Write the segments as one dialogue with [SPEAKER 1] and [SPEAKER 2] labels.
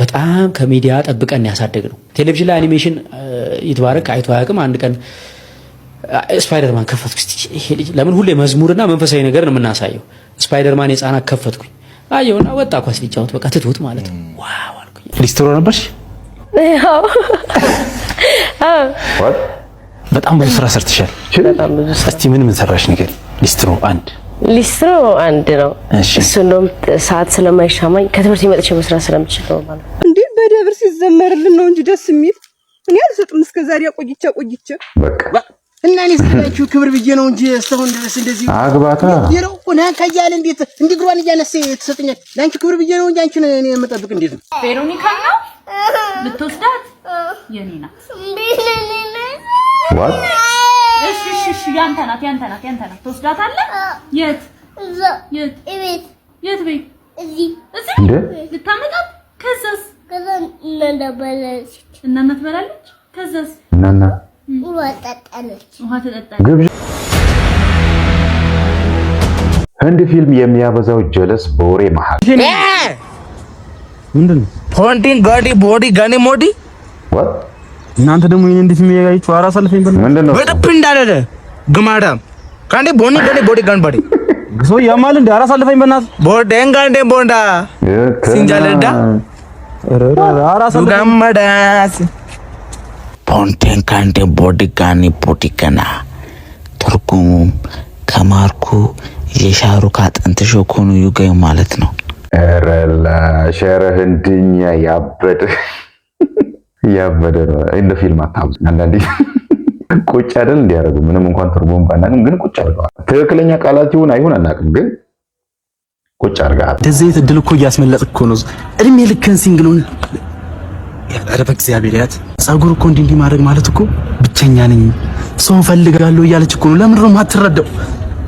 [SPEAKER 1] በጣም ከሚዲያ ጠብቀን ያሳደግ ነው። ቴሌቪዥን ላይ አኒሜሽን ይትባረክ አይቶ አያውቅም። አንድ ቀን ስፓይደርማን ከፈትኩ። ይሄ ልጅ ለምን ሁሌ መዝሙርና መንፈሳዊ ነገር ነው የምናሳየው? ስፓይደርማን የህፃናት ከፈትኩኝ፣ አየውና ወጣ ኳስ ሊጫወት በቃ ትትት ማለት ነው። ዋው አልኩኝ። ሊስትሮ ነበርሽ? በጣም ብዙ ስራ ሰርትሻል። እስቲ ምን ምን ሰራሽ ነገር ሊስትሮ አንድ
[SPEAKER 2] ሊስትሮ አንድ ነው እሱ። እንደውም ሰዓት ስለማይሻማኝ ከትምህርት መጥቼ መስራት ስለምችል ነው ማለት ነው። እንዴ በደብር ሲዘመርልን ነው እንጂ ደስ የሚል እኔ አልሰጥም። እስከ ዛሬ አቆይቼ አቆይቼ እና እኔ ስለያችሁ ክብር ብዬ ነው እንጂ እስካሁን ድረስ እንደዚህ አግባታ ይለው ቁና ከያለ እንዴት እንዲህ ግሯን እያነሰ ትሰጥኛል። ለአንቺ ክብር ብዬ ነው እንጂ አንቺን እኔ የምጠብቅ እንዴት ነው?
[SPEAKER 3] ቬሮኒካ ነው ብትወስዳት የኔ ናት። ዋት እሺ እሺ እሺ፣ ያንተ ናት ያንተ ናት ያንተ ናት። ትወስዳታለህ? የት የት የት ቤት? እዚህ እዚህ ልታመጣት። ከዛስ
[SPEAKER 4] ከዛ እናንተ
[SPEAKER 3] በላለች እናንተ በላለች። ከዛስ
[SPEAKER 5] እናና
[SPEAKER 4] ውሃ ጠጣለች።
[SPEAKER 3] ውሃ ተጠጣለች።
[SPEAKER 5] ህንድ ፊልም የሚያበዛው ጀለስ በወሬ መሃል
[SPEAKER 1] ምንድን ነው? ሆንቲን ጋዲ ቦዲ ጋኒ ሞዲ እናንተ ደግሞ ይሄን እንዴት የሚያያችሁ? አራስ አልፈኝ በል ምንድነው በጥፍ እንዳለለ ግማዳ ካንዴ ቦኒ ደኔ ቦዲ ጋን ባዲ ሶ ያማል እንደ አራስ አልፈኝ በእናትህ ቦደን ጋንዴ ቦንዳ ሲንጃለዳ አራስ ጋማዳስ ቦንቴን ካንዴ ቦዲ ጋኒ ቦዲ ገና ትርጉሙ ከማርኩ የሻሩ ካጥንት ሾኮኑ ይገኝ ማለት ነው።
[SPEAKER 5] ረላ ሸረህንድኛ ያበደ እያበደ ነው። እንደ ፊልም አታም አንዳንዴ ቁጭ አይደል እንዲያደርጉ ምንም እንኳን ትርጉም ባናቅም ግን ቁጭ አድርገዋል። ትክክለኛ ቃላት ይሁን አይሁን አናቅም፣ ግን ቁጭ አድርገሃል።
[SPEAKER 1] እንደዚህ አይነት እድል እኮ እያስመለጥ እኮ ነው። እድሜ ልክን ሲንግሉን ኧረ በእግዚአብሔር ያት ጸጉር እኮ እንዲህ እንዲህ ማድረግ ማለት እኮ ብቸኛ ነኝ ሰው ፈልጋለሁ እያለች እኮ ነው። ለምንድን ነው የማትረዳው?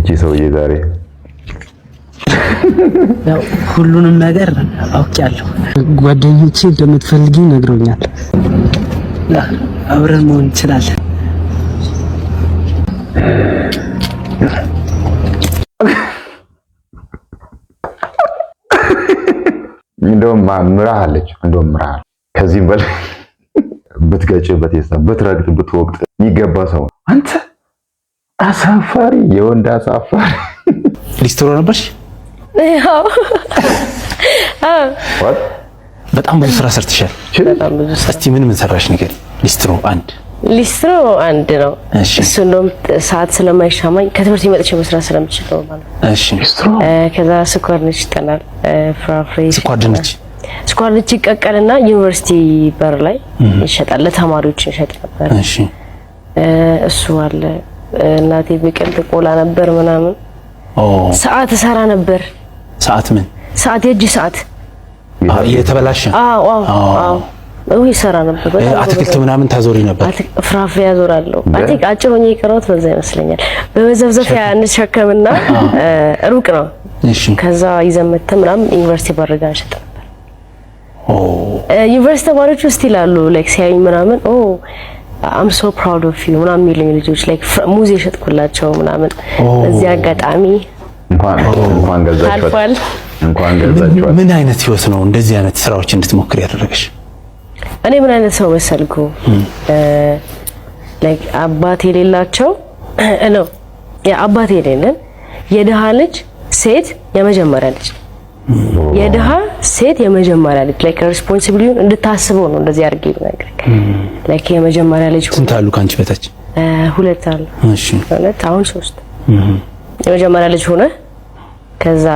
[SPEAKER 5] እቺ ሰውዬ ዛሬ
[SPEAKER 2] ያው ሁሉንም ነገር አውቄያለሁ።
[SPEAKER 1] ጓደኞቼ እንደምትፈልጊ ነግሮኛል።
[SPEAKER 2] አብረን መሆን እንችላለን።
[SPEAKER 5] እንደውም ምራህ አለች። እንደውም ምራህ ከዚህም በላይ ብትገጭ፣ በቴስታ ብትረግጥ፣ ብትወቅጥ ይገባ ሰው አንተ አሳፋሪ የወንድ አሳፋሪ።
[SPEAKER 1] ሊስትሮ ነበርሽ? በጣም ብዙ ስራ ሰርተሻል። እስቲ ምን ምን ሰራሽ ንገሪኝ። ሊስትሮ አንድ
[SPEAKER 2] ሊስትሮ አንድ ነው እሱ። እንደውም ሰዓት ስለማይሻማኝ ከትምህርት መጥቼ መስራት ስለምችል ነው ማለት ከዛ ስኳር ድንች ይጠናል፣
[SPEAKER 1] ፍራፍሬ፣ ስኳር ድንች
[SPEAKER 2] ስኳር ድንች ይቀቀልና ዩኒቨርሲቲ በር ላይ ይሸጣል፣ ለተማሪዎች ይሸጥ ነበር። እሱ አለ እናቴ ቢቀን ትቆላ ነበር ምናምን። ኦ ሰዓት ሰራ ነበር። ሰዓት ምን ሰዓት? የእጅ ሰዓት የተበላሸ። አዎ አዎ አዎ ይሰራ ነበር።
[SPEAKER 1] አትክልት ምናምን ታዞሪ ነበር?
[SPEAKER 2] ፍራፍሬ ያዞራለሁ። አትክ አጭር ሆኜ የቀረሁት በዛ ይመስለኛል። በመዘፍዘፊያ እንሸከምና ሩቅ ነው። እሺ ከዛ ይዘመተ ምናምን ዩኒቨርሲቲ ባረጋ እንሸጥ ነበር።
[SPEAKER 1] ኦ
[SPEAKER 2] ዩኒቨርሲቲ ተማሪዎች ውስጥ ይላሉ ላይክ ሲያዩኝ ምናምን ኦ አም ሶ ፕራውድ ኦፍ ዩ ምናምን የሚሉኝ ልጆች ላይክ ሙዝ የሸጥኩላቸው ምናምን። እዚህ አጋጣሚ
[SPEAKER 5] እንኳን ገዛችኋል እንኳን ገዛችኋል።
[SPEAKER 1] ምን አይነት ህይወት ነው እንደዚህ አይነት ስራዎች እንድትሞክር ያደረገሽ?
[SPEAKER 2] እኔ ምን አይነት ሰው መሰልኩ? ላይክ አባት የሌላቸው ነው። አባት የሌለን የድሃ ልጅ ሴት የመጀመሪያ ልጅ የድሃ ሴት የመጀመሪያ ልጅ ላይክ ሬስፖንሲቢሊቲውን እንድታስበው ነው እንደዚህ አድርጌ ነገር ላይክ የመጀመሪያ ልጅ
[SPEAKER 1] ስንት አሉ ካንቺ በታች ሁለት አሉ እሺ
[SPEAKER 2] ሁለት አሁን ሶስት የመጀመሪያ ልጅ ሆነ ከዛ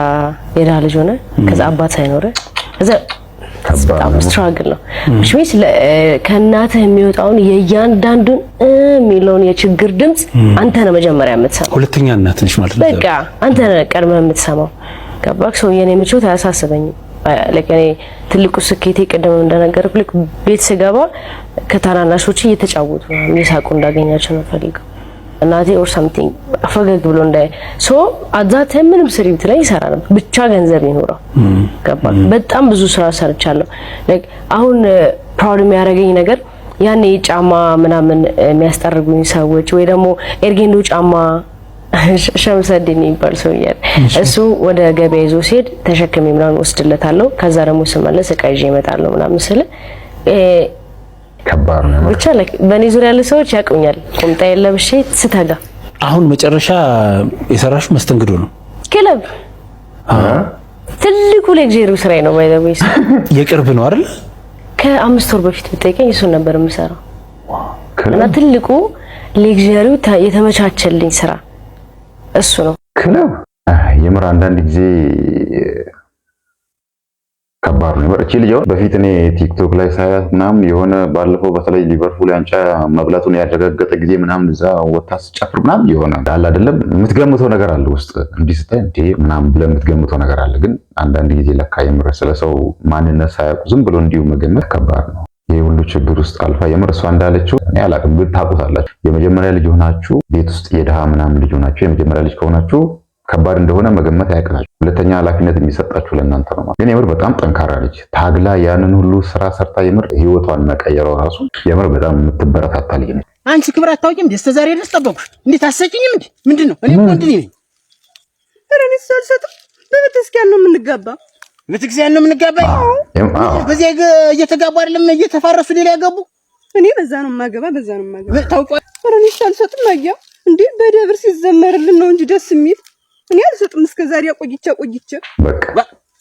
[SPEAKER 2] የድሃ ልጅ ሆነ ከዛ አባት ሳይኖረ ከዛ በጣም ስትራግል ነው ሽሚስ ከእናትህ የሚወጣውን የእያንዳንዱን የሚለውን የችግር ድምፅ አንተ ነህ መጀመሪያ የምትሰማው።
[SPEAKER 1] ሁለተኛ እናት ነሽ ማለት
[SPEAKER 2] ነው። በቃ አንተ ነህ ቀድመህ የምትሰማው ገባክ ሰው የኔ ምቾት አያሳስበኝም። ለከ እኔ ትልቁ ስኬቴ ቅድም እንደነገርኩ ልክ ቤት ስገባ ከታናናሾች እየተጫወቱ ነው እየሳቁ እንዳገኛቸው ነው ፈልገው እናቴ ኦር ሳምቲንግ ፈገግ ብሎ እንዳይ ሶ አዛተ ምንም ስሪ ብትለኝ ይሰራ ነበር፣ ብቻ ገንዘብ ይኖረው ገባ። በጣም ብዙ ስራ ሰርቻለሁ። ላይክ አሁን ፕራውድ የሚያደርገኝ ነገር ያኔ ጫማ ምናምን የሚያስጠርጉኝ ሰዎች ወይ ደግሞ ኤርጌንዶ ጫማ ሸምሰድን የሚባል ሰውዬ እሱ ወደ ገበያ ይዞ ሲሄድ ተሸክሜ ምናምን ወስድለታለሁ። ከዛ ደግሞ ስመለስ እቃ ይዤ እመጣለሁ ምናምን ስል ብቻ በእኔ ዙሪያ ያሉ ሰዎች ያውቁኛል። ቁምጣ የለብሼ ስተጋ
[SPEAKER 1] አሁን መጨረሻ የሰራሹ መስተንግዶ ነው።
[SPEAKER 2] ክለብ ትልቁ ለግዜሩ ስራ ነው። ባይዘዌስ
[SPEAKER 1] የቅርብ ነው አይደል?
[SPEAKER 2] ከአምስት ወር በፊት ብጠይቀኝ እሱን ነበር የምሰራው እና ትልቁ ለግዜሩ የተመቻቸልኝ ስራ እሱ ነው
[SPEAKER 5] ክለብ። የምር አንዳንድ ጊዜ ከባድ ነው። እቺ ልጅ አሁን በፊት እኔ ቲክቶክ ላይ ሳያት ምናምን የሆነ ባለፈው በተለይ ሊቨርፑል ያንጫ መብላቱን ያረጋገጠ ጊዜ ምናምን እዛ ወታ ስጨፍር ምናምን የሆነ አለ አይደለም የምትገምተው ነገር አለ ውስጥ እንዲህ ስታይ እንዴ ምናምን ብለህ የምትገምተው ነገር አለ። ግን አንዳንድ ጊዜ ለካ የምር ስለሰው ማንነት ሳያውቁ ዝም ብሎ እንዲሁ መገመት ከባድ ነው። ይህ ሁሉ ችግር ውስጥ አልፋ የምር እሷ እንዳለችው እኔ አላቅም፣ ግን ታውቁታላችሁ። የመጀመሪያ ልጅ ሆናችሁ ቤት ውስጥ የድሃ ምናምን ልጅ ሆናችሁ የመጀመሪያ ልጅ ከሆናችሁ ከባድ እንደሆነ መገመት አያቅታችሁ። ሁለተኛ ኃላፊነት የሚሰጣችሁ ለእናንተ ነው። ግን የምር በጣም ጠንካራ ልጅ ታግላ ያንን ሁሉ ስራ ሰርታ የምር ህይወቷን መቀየረው ራሱ የምር በጣም የምትበረታታ ልጅ ነው።
[SPEAKER 2] አንቺ ክብር አታውቂም እንዴ? እስከ ዛሬ ድረስ ጠበቁሽ እንዴት ታሰጭኝም እንዴ? ምንድን ነው እኔ ምንድን ነኝ? ኧረ እኔ አልሰጥም። ነው የምንጋባ ቤተክርስቲያን ነው የምንጋባኝ። በዚህ እየተጋቡ አይደለም እየተፋረሱ ሌላ ያገቡ። እኔ በዛ ነው የማገባ፣ በዛ ነው የማገባ። ታውቀዋለህ። ኧረ እኔ አልሰጥም። አየኸው እንዴ በደብር ሲዘመርልን ነው እንጂ ደስ የሚል እኔ አልሰጥም። እስከ ዛሬ ቆይቼ ቆይቼ በቃ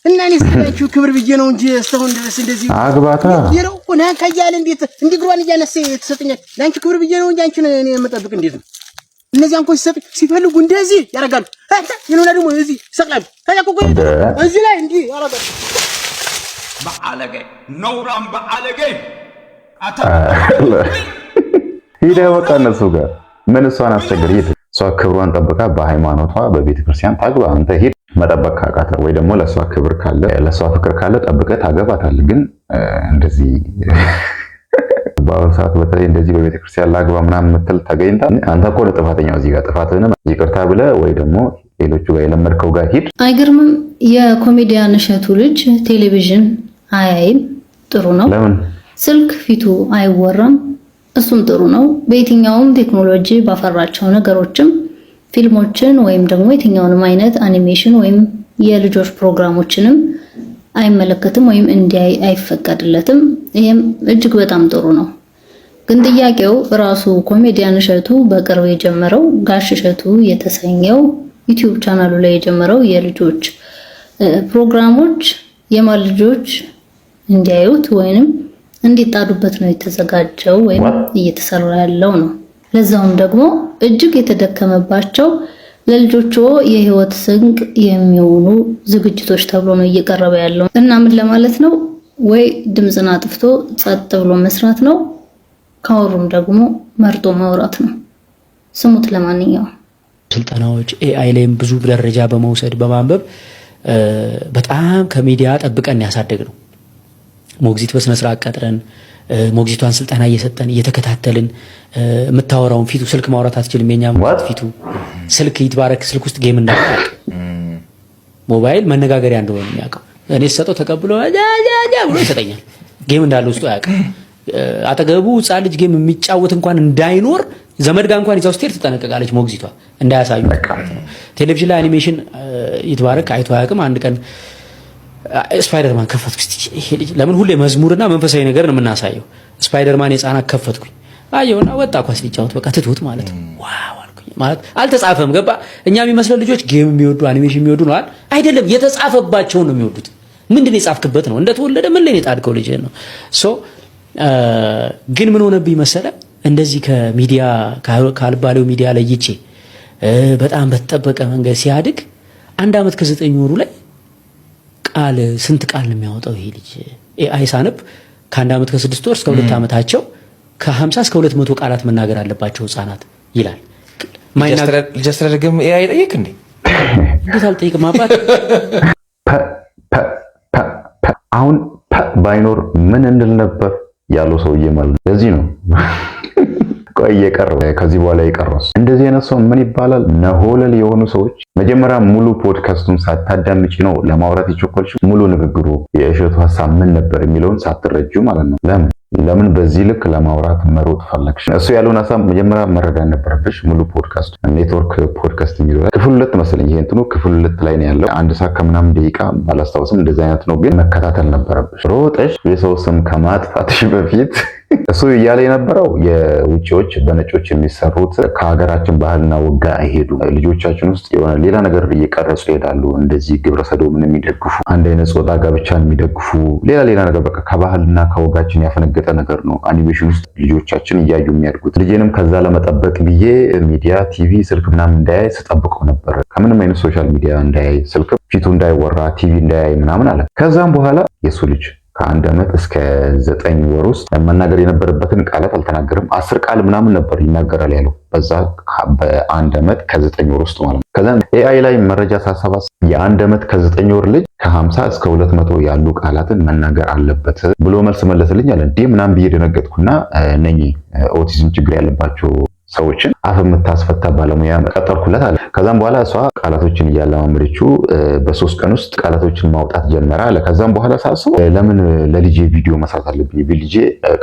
[SPEAKER 2] እና እኔ ስላችሁ ክብር ብዬ ነው እንጂ እስካሁን ድረስ እንደዚህ አግባታ ይረው ቆና ካያለ እንዴት እንዲግሯን እያነሰ የተሰጠኛል። ለአንቺ ክብር ብዬ ነው እንጂ አንቺን እኔ የምጠብቅ እንዴት ነው እነዚህ አንኮች ሲፈልጉ እንደዚህ ያደርጋሉ። ይሁን ደግሞ እዚህ ይሰቅላሉ። ታዲያ እኮ እዚህ ላይ እንዲህ ያደርጋሉ።
[SPEAKER 6] በአለገኝ ነውራም በአለገኝ
[SPEAKER 5] ሂደህ በቃ እነሱ ጋር ምን እሷን አስቸግር። ሂድ እሷ ክብሯን ጠብቃ በሃይማኖቷ በቤተክርስቲያን ታግባ። አንተ ሂድ መጠበቅ ካቃተ ወይ ደግሞ ለእሷ ክብር ካለ ለእሷ ፍቅር ካለ ጠብቀ ታገባታል። ግን እንደዚህ በአሁኑ ሰዓት በተለይ እንደዚህ በቤተክርስቲያን ላግባ ምናምን የምትል ተገኝታ አንተ እኮ ለጥፋተኛው እዚህ ጋር ጥፋትህንም ይቅርታ ብለ ወይ ደግሞ ሌሎቹ ጋር የለመድከው ጋር ሂድ።
[SPEAKER 2] አይገርምም? የኮሜዲያን እሸቱ ልጅ ቴሌቪዥን አያይም፣ ጥሩ ነው። ለምን ስልክ ፊቱ አይወራም፣ እሱም ጥሩ ነው። በየትኛውም ቴክኖሎጂ ባፈራቸው ነገሮችም ፊልሞችን ወይም ደግሞ የትኛውንም አይነት አኒሜሽን ወይም የልጆች ፕሮግራሞችንም አይመለከትም ወይም እንዲያይ አይፈቀድለትም። ይሄም እጅግ በጣም ጥሩ ነው። ግን ጥያቄው ራሱ ኮሜዲያን እሸቱ በቅርብ የጀመረው ጋሽ እሸቱ የተሰኘው ዩቲዩብ ቻናሉ ላይ የጀመረው የልጆች ፕሮግራሞች የማን ልጆች እንዲያዩት ወይንም እንዲጣዱበት ነው የተዘጋጀው ወይም እየተሰራ ያለው ነው። ለዛውም ደግሞ እጅግ የተደከመባቸው ለልጆቹ የህይወት ስንቅ የሚሆኑ ዝግጅቶች ተብሎ ነው እየቀረበ ያለው እና ምን ለማለት ነው? ወይ ድምፅን አጥፍቶ ጸጥ ብሎ መስራት ነው። ካወሩም ደግሞ መርጦ ማውራት ነው። ስሙት። ለማንኛውም
[SPEAKER 1] ስልጠናዎች ኤአይ ላይም ብዙ ደረጃ በመውሰድ በማንበብ በጣም ከሚዲያ ጠብቀን ያሳደግ ነው። ሞግዚት በስነ ስርዓት ቀጥረን ሞግዚቷን ስልጠና እየሰጠን እየተከታተልን የምታወራውን ፊቱ ስልክ ማውራት አትችልም። የኛ ፊቱ ስልክ ይትባረክ ስልክ ውስጥ ጌም እንዳታውቅ ሞባይል መነጋገሪያ እንደሆነ የሚያውቀው እኔ ሰጠው ተቀብሎ ብሎ ይሰጠኛል። ጌም እንዳለ ውስጡ አያውቅም። አጠገቡ ሕፃን ልጅ ጌም የሚጫወት እንኳን እንዳይኖር ዘመድ ጋር እንኳን ይዛው ስትሄድ ትጠነቀቃለች ሞግዚቷ እንዳያሳዩ። ቴሌቪዥን ላይ አኒሜሽን ይትባረክ አይቶ አያውቅም። አንድ ቀን ስፓይደርማን ከፈትኩ። እስቲ ይሄ ልጅ ለምን ሁሌ መዝሙርና መንፈሳዊ ነገር ነው የምናሳየው? ስፓይደርማን የህፃናት ከፈትኩኝ አየውና ወጣ ኳስ ሊጫወት በቃ ትትውት ማለት ዋው አልኩኝ። ማለት አልተጻፈም፣ ገባ እኛ የሚመስለን ልጆች ጌም የሚወዱ አኒሜሽን የሚወዱ ነው አይደለም፣ የተጻፈባቸውን ነው የሚወዱት። ምንድን የጻፍክበት ነው እንደተወለደ ምን ላይ የጣድከው ልጅ ነው። ሶ ግን ምን ሆነብኝ መሰለ እንደዚህ ከሚዲያ ካልባሌው ሚዲያ ለይቼ በጣም በተጠበቀ መንገድ ሲያድግ አንድ አመት ከዘጠኝ ወሩ ላይ ቃል ስንት ቃል ነው የሚያወጣው ይሄ ልጅ? ኤአይ ሳንብ ከአንድ ዓመት ከስድስት ወር እስከ ሁለት ዓመታቸው ከ50 እስከ 200 ቃላት መናገር አለባቸው ህጻናት ይላል። ልጅ አስተዳደግም ኤአይ ጠይቅ እንዴ? እንዴት አልጠይቅም አባት።
[SPEAKER 5] አሁን ባይኖር ምን እንል ነበር ያለው ሰውዬ ማለት ለዚህ ነው። ቆይ የቀረው ከዚህ በኋላ የቀረው እንደዚህ አይነት ሰው ምን ይባላል? ነሆለል የሆኑ ሰዎች መጀመሪያ ሙሉ ፖድካስቱን ሳታዳምጪ ነው ለማውራት የቸኮልሽ። ሙሉ ንግግሩ የእሸቱ ሀሳብ ምን ነበር የሚለውን ሳትረጁ ማለት ነው። ለምን ለምን በዚህ ልክ ለማውራት መሮጥ ፈለግሽ? እሱ ያለውን ሀሳብ መጀመሪያ መረዳት ነበረብሽ። ሙሉ ፖድካስቱ ኔትወርክ ፖድካስት የሚለው ክፍል ሁለት መሰለኝ፣ ይሄ እንትኑ ክፍል ሁለት ላይ ነው ያለው። አንድ ሰዓት ከምናምን ደቂቃ ባላስታውስም እንደዚህ አይነት ነው፣ ግን መከታተል ነበረብሽ። ሮጠሽ የሰው ስም ከማጥፋትሽ በፊት እሱ እያለ የነበረው የውጭዎች በነጮች የሚሰሩት ከሀገራችን ባህልና ወጋ አይሄዱም። ልጆቻችን ውስጥ የሆነ ሌላ ነገር እየቀረጹ ይሄዳሉ። እንደዚህ ግብረሰዶምን የሚደግፉ አንድ አይነት ጾታ ጋብቻን የሚደግፉ ሌላ ሌላ ነገር በቃ ከባህልና ከወጋችን ያፈነገ የተረጋገጠ ነገር ነው። አኒሜሽን ውስጥ ልጆቻችን እያዩ የሚያድጉት ልጄንም ከዛ ለመጠበቅ ብዬ ሚዲያ፣ ቲቪ፣ ስልክ ምናምን እንዳያይ ስጠብቀው ነበር። ከምንም አይነት ሶሻል ሚዲያ እንዳያይ፣ ስልክ ፊቱ እንዳይወራ፣ ቲቪ እንዳያይ ምናምን አለ። ከዛም በኋላ የእሱ ልጅ ከአንድ ዓመት እስከ ዘጠኝ ወር ውስጥ መናገር የነበረበትን ቃላት አልተናገርም። አስር ቃል ምናምን ነበር ይናገራል ያለው በዛ በአንድ ዓመት ከዘጠኝ ወር ውስጥ ማለት ነው። ከዛም ኤአይ ላይ መረጃ ሳሰባስ የአንድ ዓመት ከዘጠኝ ወር ልጅ ከሀምሳ እስከ ሁለት መቶ ያሉ ቃላትን መናገር አለበት ብሎ መልስ መለስልኝ አለ። እንዲህ ምናምን ብዬ ደነገጥኩና እነኚህ ኦቲዝም ችግር ያለባቸው ሰዎችን አፍ የምታስፈታ ባለሙያ ቀጠርኩለት አለ። ከዛም በኋላ እሷ ቃላቶችን እያለማመደችው በሶስት ቀን ውስጥ ቃላቶችን ማውጣት ጀመረ አለ። ከዛም በኋላ ሳስበው ለምን ለልጄ ቪዲዮ መስራት አለብኝ ብል ልጄ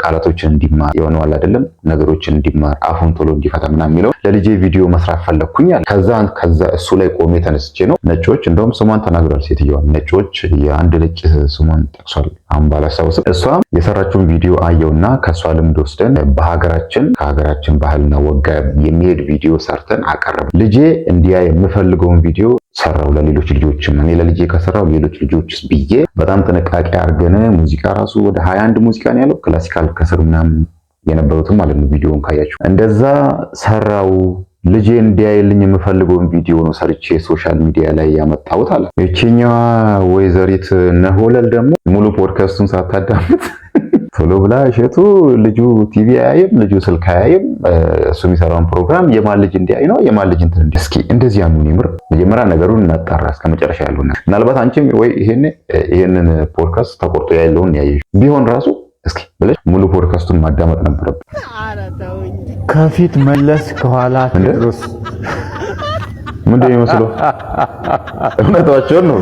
[SPEAKER 5] ቃላቶችን እንዲማር የሆነዋል አይደለም ነገሮችን እንዲማር አፉን ቶሎ እንዲፈታ ምናምን የሚለው ለልጄ ቪዲዮ መስራት ፈለግኩኝ አለ። ከዛ ከዛ እሱ ላይ ቆሜ ተነስቼ ነው ነጮች እንደውም ስሟን ተናግሯል። ሴትዮዋን ነጮች የአንድ ነጭ ስሟን ጠቅሷል። አሁን ባላስታውስም እሷ የሰራችውን ቪዲዮ አየውና ከእሷ ልምድ ወስደን በሀገራችን ከሀገራችን ባህልና ወግ የሚሄድ ቪዲዮ ሰርተን አቀረብ። ልጄ እንዲያ የምፈልገውን ቪዲዮ ሰራው ለሌሎች ልጆችም እኔ ለልጄ ከሰራው ሌሎች ልጆችስ ብዬ በጣም ጥንቃቄ አድርገን ሙዚቃ ራሱ ወደ ሀያ አንድ ሙዚቃ ነው ያለው ክላሲካል ከስር ምናምን የነበሩትም ማለት ነው። ቪዲዮውን ካያችሁ እንደዛ ሰራው ልጄ እንዲያይልኝ የምፈልገውን ቪዲዮ ነው ሰርቼ ሶሻል ሚዲያ ላይ ያመጣሁት አለ። ይችኛዋ ወይዘሪት ነሆለል ደግሞ ሙሉ ፖድካስቱን ሳታዳምጥ ቶሎ ብላ እሸቱ ልጁ ቲቪ አያይም፣ ልጁ ስልክ አያይም። እሱ የሚሰራውን ፕሮግራም የማን ልጅ እንዲያይ ነው የማን ልጅ እንትን እንዲ እስኪ እንደዚህ ያኑን ይምር፣ መጀመሪያ ነገሩን እናጣራ እስከመጨረሻ ያለው ነገር ምናልባት አንቺም ወይ ይሄን ይሄንን ፖድካስት ተቆርጦ ያለውን ያየሽ ቢሆን ራሱ እስኪ ብለሽ ሙሉ ፖድካስቱን ማዳመጥ ነበረብን።
[SPEAKER 7] ከፊት መለስ ከኋላ ቴድሮስ
[SPEAKER 5] ምንድን ነው የሚመስለው? እውነታቸውን ነው።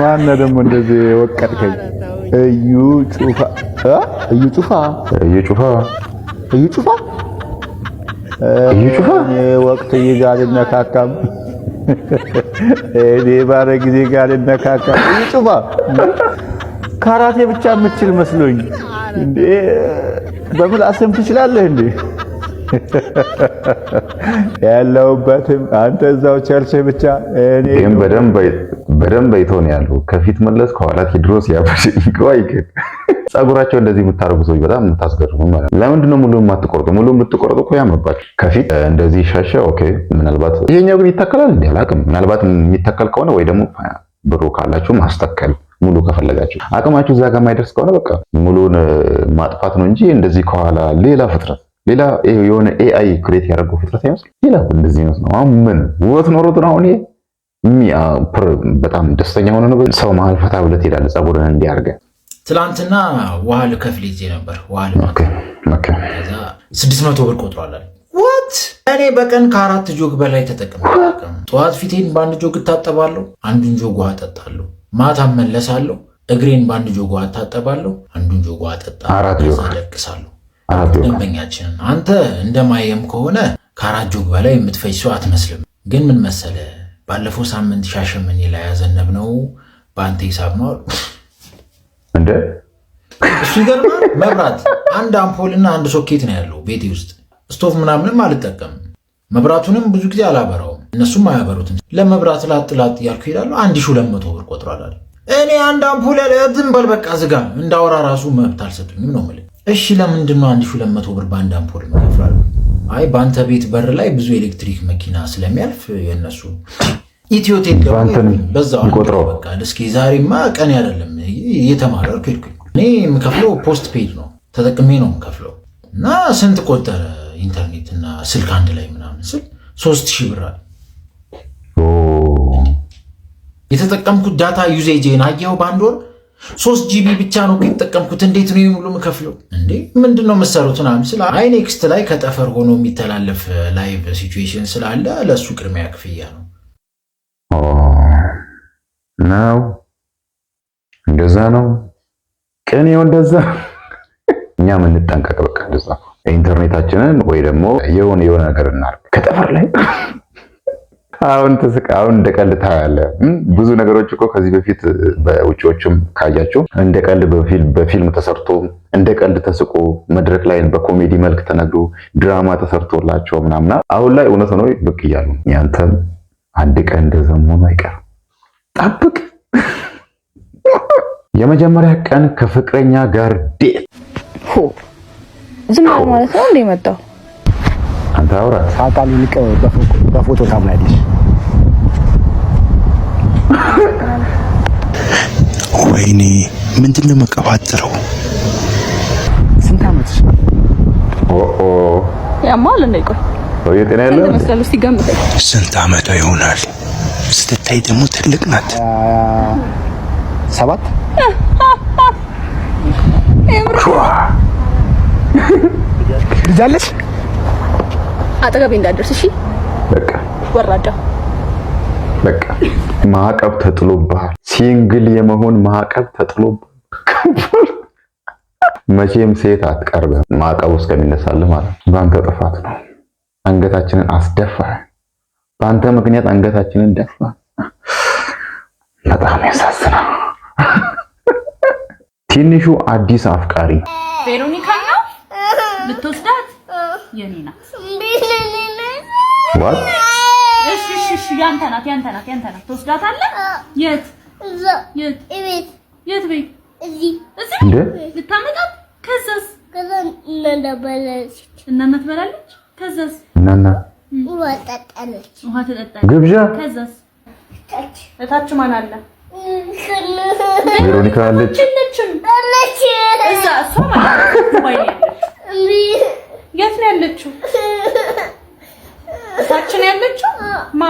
[SPEAKER 7] ማነው ደግሞ እንደዚህ ወቀጥከኝ? እዩ ጩፋ እዩ ጩፋ እዩ ጩፋ እዩ ጩፋ እዩ ጩፋ ወቅት ጋር አልነካካም። እኔ ባረ ጊዜ ጋር አልነካካም። እዩ ጩፋ ካራቴ ብቻ የምትችል መስሎኝ እንዴ! በምላስም ትችላለህ እንዴ? ያለውበትም አንተ እዛው ቸርች ብቻ
[SPEAKER 5] ግን በደንብ አይተውን ያሉ ከፊት መለስ ከኋላ ቴድሮስ ሊያበሽ ጸጉራቸው እንደዚህ የምታደርጉ ሰዎች በጣም የምታስገርሙ ማለት ነው። ለምንድን ነው ሙሉ የማትቆርጡ? ሙሉ የምትቆርጡ እኮ ያምርባችሁ። ከፊት እንደዚህ ሻሸ። ኦኬ፣ ምናልባት ይሄኛው ግን ይተከላል እንዲ አላቅም። ምናልባት የሚተከል ከሆነ ወይ ደግሞ ብሩ ካላችሁ ማስተከል ሙሉ ከፈለጋችሁ አቅማችሁ እዛ ጋር ማይደርስ ከሆነ በቃ ሙሉን ማጥፋት ነው እንጂ እንደዚህ ከኋላ ሌላ ፍጥረት ሌላ የሆነ ኤአይ ክሬት ያደረገው ፍጥረት አይመስል ሌላ እንደዚህ አይነት ነው። አሁን ምን ውበት ኖሮት ነው? አሁን በጣም ደስተኛ ሆነ ነው። ሰው መሀል ፈታ ብለህ ትሄዳለህ። ጸጉርን እንዲያርገ
[SPEAKER 1] ትላንትና ውሃ ልከፍል ይዤ ነበር። ውሃ ስድስት መቶ ብር ቆጥሯል። ወት እኔ በቀን ከአራት ጆግ በላይ ተጠቅም። ጠዋት ፊቴን በአንድ ጆግ እታጠባለሁ፣ አንዱን ጆግ ውሃ እጠጣለሁ። ማታ መለሳለሁ፣ እግሬን በአንድ ጆግ ውሃ እታጠባለሁ፣ አንዱን ጆግ ውሃ እጠጣለሁ።
[SPEAKER 5] አራት ጆግ ደንበኛችንን
[SPEAKER 1] አንተ እንደማየም ከሆነ ከአራት ጆግ በላይ የምትፈጅ ሰው አትመስልም። ግን ምን መሰለ፣ ባለፈው ሳምንት ሻሸመኔ ላይ ያዘነብ ነው በአንተ ሂሳብ ነው አሉ። እንደ እሱ ይገርማል። መብራት አንድ አምፖል እና አንድ ሶኬት ነው ያለው ቤቴ ውስጥ። ስቶቭ ምናምንም አልጠቀምም። መብራቱንም ብዙ ጊዜ አላበራውም፣ እነሱም አያበሩትም። ለመብራት ላጥ ላጥ እያልኩ ሄዳሉ። አንድ ሺህ ሁለት መቶ ብር ቆጥሯል አለ። እኔ አንድ አምፖል ያለ ዝም በል በቃ ዝጋ፣ እንዳወራ ራሱ መብት አልሰጡኝም ነው የምልህ እሺ ለምንድን ነው አንድ ሺህ ሁለት መቶ ብር በአንድ አምፖል መከፍላል? አይ በአንተ ቤት በር ላይ ብዙ ኤሌክትሪክ መኪና ስለሚያልፍ የነሱ ኢትዮ ቴክ በዛው በቃ እስኪ ዛሬማ ቀን አይደለም እየተማረርኩ ሄድኩኝ። እኔ የምከፍለው ፖስት ፔድ ነው ተጠቅሜ ነው የምከፍለው። እና ስንት ቆጠረ ኢንተርኔት እና ስልክ አንድ ላይ ምናምን ስል ሶስት ሺህ ብር አለ። የተጠቀምኩት ዳታ ዩዜጄን አየኸው በአንድ ወር ሶስት ጂቢ ብቻ ነው የተጠቀምኩት። እንዴት ነው ሙሉ ምከፍለው? እንዴ ምንድን ነው የምትሰሩት? ምናምን ስለ አይ ኔክስት ላይ ከጠፈር ሆኖ የሚተላለፍ ላይቭ ሲቹዌሽን ስላለ ለእሱ ቅድሚያ ክፍያ ነው
[SPEAKER 5] ነው እንደዛ ነው። ቅኔው እንደዛ እኛ የምንጠንቀቅ በቃ እንደዛ ኢንተርኔታችንን ወይ ደግሞ የሆነ የሆነ ነገር እናርግ ከጠፈር ላይ አሁን ትስቅ አሁን እንደ ቀልድ ታያለህ። ብዙ ነገሮች እኮ ከዚህ በፊት በውጪዎችም ካያቸው እንደ ቀልድ በፊልም ተሰርቶ እንደ ቀልድ ተስቆ መድረክ ላይ በኮሜዲ መልክ ተነግሮ ድራማ ተሰርቶላቸው ምናምና አሁን ላይ እውነት ነው ብቅ እያሉ ያንተም አንድ ቀን እንደዛ መሆኑ አይቀርም። ጠብቅ። የመጀመሪያ ቀን ከፍቅረኛ ጋር ዴት ዝም ማለት ነው እንደ መጣው አንተ አውራት ሳቃል ይልቅ በፎቶ ታምናለሽ። ወይኔ ምንድን ነው መቀባጠረው? ስንት አመት? ኦ ኦ ያማል እንደ ይቆይ ወይ ጤና ያለው ስንት አመቷ ይሆናል? ስትታይ ደግሞ ትልቅ ናት። ሰባት ልጅ አለሽ? አጠገቤ እንዳደርስ። እሺ በቃ ወራዳ በቃ ማዕቀብ ተጥሎብሃል። ሲንግል የመሆን ማዕቀብ ተጥሎብሃል። መቼም ሴት አትቀርብም። ማዕቀቡ እስከሚነሳልህ ማለት ነው። በአንተ ጥፋት ነው አንገታችንን አስደፋ። በአንተ ምክንያት አንገታችንን ደፋ። በጣም ያሳዝናል። ትንሹ አዲስ አፍቃሪ ቬሮኒካ ነው። የኔ ናት። እሺ እሺ፣ ያንተ ናት፣ ያንተ ናት፣ ያንተ ናት። ትወስዳታለህ? የት የት የት ቤት? እዚህ እዚህ እንደ ልታመጣት ከዛስ? ከዛ እናበላለች እና ትበላለች። ከዛስ እናና ውሃ ጠጣለች። ውሃ ትጠጣለች። ግብዣ ከዛስ? እታች ማን አለ? ቬሮኒካ አለች። እዛ እሷ ማለት ነው። የት ነው ያለችው? እታች ነው ያለችው። ማ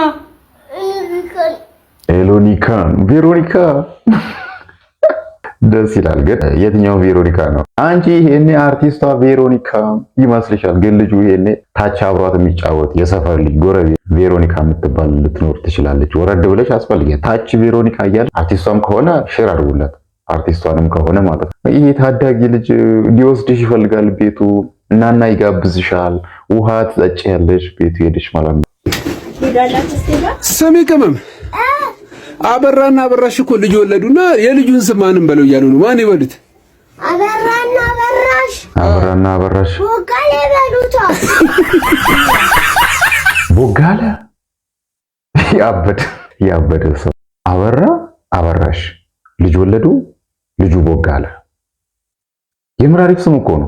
[SPEAKER 5] ኤሎኒካ ቬሮኒካ ደስ ይላል። ግን የትኛው ቬሮኒካ ነው? አንቺ ይሄኔ አርቲስቷ ቬሮኒካ ይመስልሻል? ግን ልጁ ይሄኔ ታች አብሯት የሚጫወት የሰፈር ልጅ ጎረቤት ቬሮኒካ የምትባል ልትኖር ትችላለች። ወረድ ብለሽ አስፈልገ ታች ቬሮኒካ እያለ አርቲስቷም ከሆነ ሽር አድርጉላት፣ አርቲስቷንም ከሆነ ማለት ነው። ይሄ ታዳጊ ልጅ ሊወስድሽ ይፈልጋል ቤቱ እናና ይጋብዝሻል። ውሃ ትጠጭ ያለሽ ቤት ሄደሽ ማለት ነው። ስሚ ቅመም አበራና አበራሽ እኮ ልጅ ወለዱና የልጁን ስም ማንም በለው እያሉ ነው። ማን ይወልድ? አበራና አበራሽ አበራና አበራሽ ቦጋለ ቦጋለ ያበደ ያበደ ሰው አበራ አበራሽ ልጅ ወለዱ ልጁ ቦጋለ የምራሪፍ ስም እኮ ነው።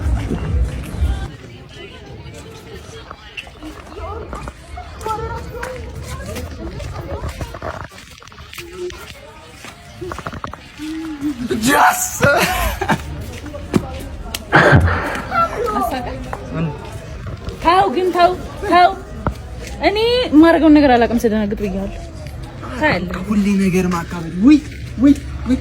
[SPEAKER 5] የማደርገውን ነገር አላውቅም። ስደነግጥ ብያለሁ። ሁሌ ነገር ማካበድ ውይ ውይ ውይ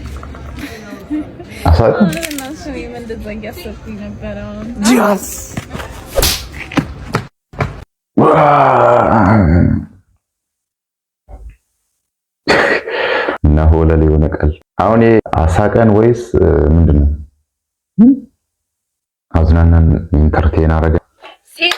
[SPEAKER 5] እና ሆለል የሆነ ቀል አሁን አሳቀን ወይስ ምንድን ነው? አዝናናን ኢንተርቴን አረገ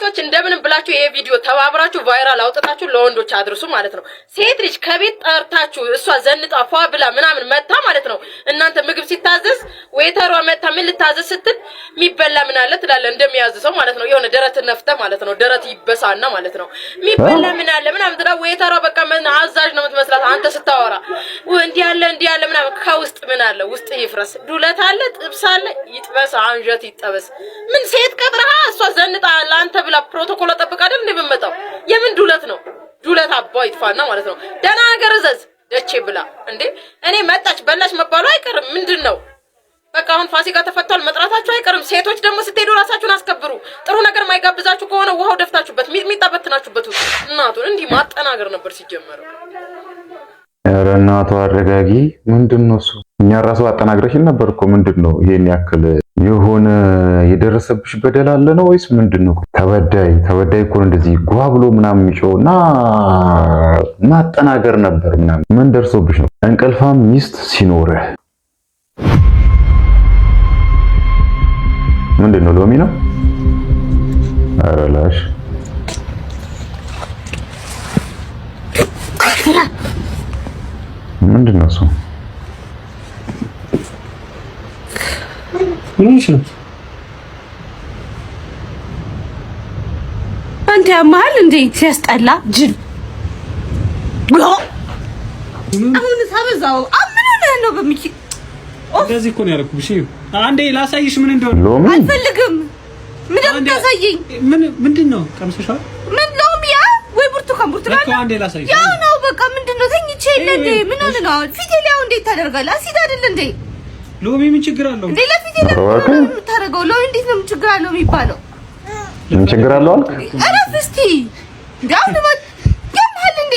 [SPEAKER 5] ሴቶች እንደምንም ብላችሁ ይሄ ቪዲዮ ተባብራችሁ ቫይራል አውጥታችሁ ለወንዶች አድርሱ ማለት ነው። ሴት ልጅ ከቤት ጠርታችሁ እሷ ዘንጣ ፏ ብላ ምናምን መታ ማለት ነው። እናንተ ምግብ ሲታዘዝ ዌተሯ መታ ምን ልታዘዝ ስትል የሚበላ ምን አለ ትላለ እንደሚያዝ ሰው ማለት ነው። የሆነ ደረት ነፍተ ማለት ነው። ደረት ይበሳና ማለት ነው። የሚበላ ምን አለ ምናምን ትላ ዌተሯ በቃ ምን አዛዥ ነው የምትመስላት አንተ ስታወራ እንዲህ ያለ እንዲህ ያለ ምናምን ከውስጥ ምን አለ ውስጥ ይፍረስ። ዱለት አለ ጥብስ አለ ይጥበስ አንጀት ይጠበስ። ምን ሴት ቀጥረሃ እሷ ዘንጣ ለአንተ ብላ ብላ ፕሮቶኮል አጠብቅ አይደል እንዴ የምመጣው? የምን ዱለት ነው? ዱለት አባ ይጥፋና ማለት ነው። ደህና ነገር እዘዝ ደቼ ብላ እንዴ እኔ መጣች በላች መባሉ አይቀርም። ምንድን ነው በቃ አሁን ፋሲካ ተፈቷል መጥራታችሁ አይቀርም። ሴቶች ደግሞ ስትሄዱ ራሳችሁን አስከብሩ። ጥሩ ነገር ማይጋብዛችሁ ከሆነ ውሃው ደፍታችሁበት፣ ሚጥሚጣ በትናችሁበት ውስጥ እናቱን እንዲህ ማጠናገር ነበር ሲጀመር። ኧረ እናቷ አረጋጊ። ምንድን ነው እሱ እኛ ራሱ አጠናግረሽን ነበር እኮ ምንድን ነው ይሄን ያክል የሆነ የደረሰብሽ በደል አለ ነው ወይስ ምንድን ነው? ተበዳይ ተበዳይ እኮ እንደዚህ ጓ ብሎ ምናምን የሚጮህ እና ማጠናገር ነበር ምናምን። ምን ደርሶብሽ ነው? እንቅልፋም ሚስት ሲኖርህ ምንድን ነው? ሎሚ ነው? ኧረ ላሽ ምንድን ነው እሱ? አንተ ያመሃል እንዴ? ሲያስጠላ ጅል አሁን ሳበዛው አምን ሆነህ ነው? በሚኪ እንደዚህ እኮ ነው ያደረኩብሽ። አንዴ ላሳይሽ ምን እንደሆነ። አልፈልግም። ምን እንደታሳየኝ ምን ምንድን ነው? ቀምሰሻል? ምን ሎሚ ያ ወይ ብርቱካን ብርቱካን ነው። አንዴ ላሳይሽ። ያው ነው በቃ ምንድን ነው? ተኝቼ የለ እንዴ? ምን ሆነ ነው? ፊቴ ላይ እንዴት ታደርጋለህ? አሲድ አይደል እንዴ? ሎሚ ምን ችግር አለው እንዴ? ለፊቴ ላይ የምታደርገው ሎሚ እንዴት ነው? ምን ችግር አለው የሚባለው ምን ችግር አለው? አረፍ እስቲ ጋር ነው ያምሃል እንዴ?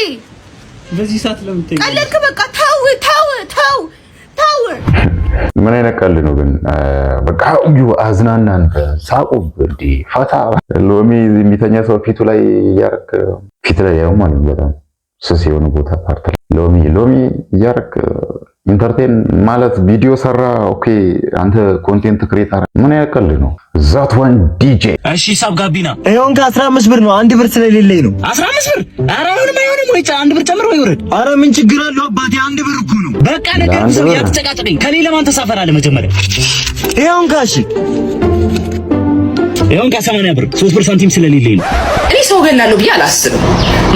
[SPEAKER 5] በዚህ ሰዓት ለምን ቀለድክ? በቃ ተው ተው ተው ተው። ምን አይነት ቀልድ ነው ግን? በቃ እዩ አዝናናን፣ ሳቁ እንዴ ፈታ። ሎሚ የሚተኛ ሰው ፊቱ ላይ እያደረክ ፊት ላይ ያው ማለት በጣም ስስ የሆነ ቦታ ፓርት ሎሚ ሎሚ እያደረክ ኢንተርቴን ማለት ቪዲዮ ሰራ። ኦኬ አንተ ኮንቴንት ክሬተር ምን ያቀል ነው? ዛት ዋን ዲጄ እሺ፣ ሳብ ጋቢና ይሄውን ከ15 ብር ነው። አንድ ብር ስለሌለኝ ነው። 15 ብር አረ አይሆንም፣ አይሆንም። ወይ አንድ ብር ጨምር ወይ ውረድ። አረ ምን ችግር አለው አባቴ? አንድ ብር እኮ ነው። በቃ ነገር ሰው ያትጨቃጨቀኝ። ከኔ ለማን ተሳፈራለ? መጀመሪያ ይሄውን ካሺ ይሄውን ከ80 ብር 3 ብር ሳንቲም ስለሌለኝ ነው። እኔ ሰው ገላለሁ ብዬ አላስብም።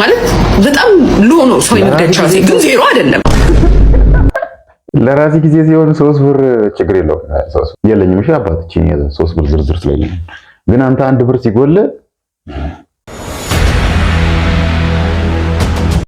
[SPEAKER 5] ማለት በጣም ሎ ነው ሰው ይመደቻው፣ ግን ዜሮ አይደለም ለራሴ ጊዜ ሲሆን ሶስት ብር ችግር የለውም። የለኝም። እሺ አባት ሶስት ብር ዝርዝር ስለሌለኝ ግን አንተ አንድ ብር ሲጎል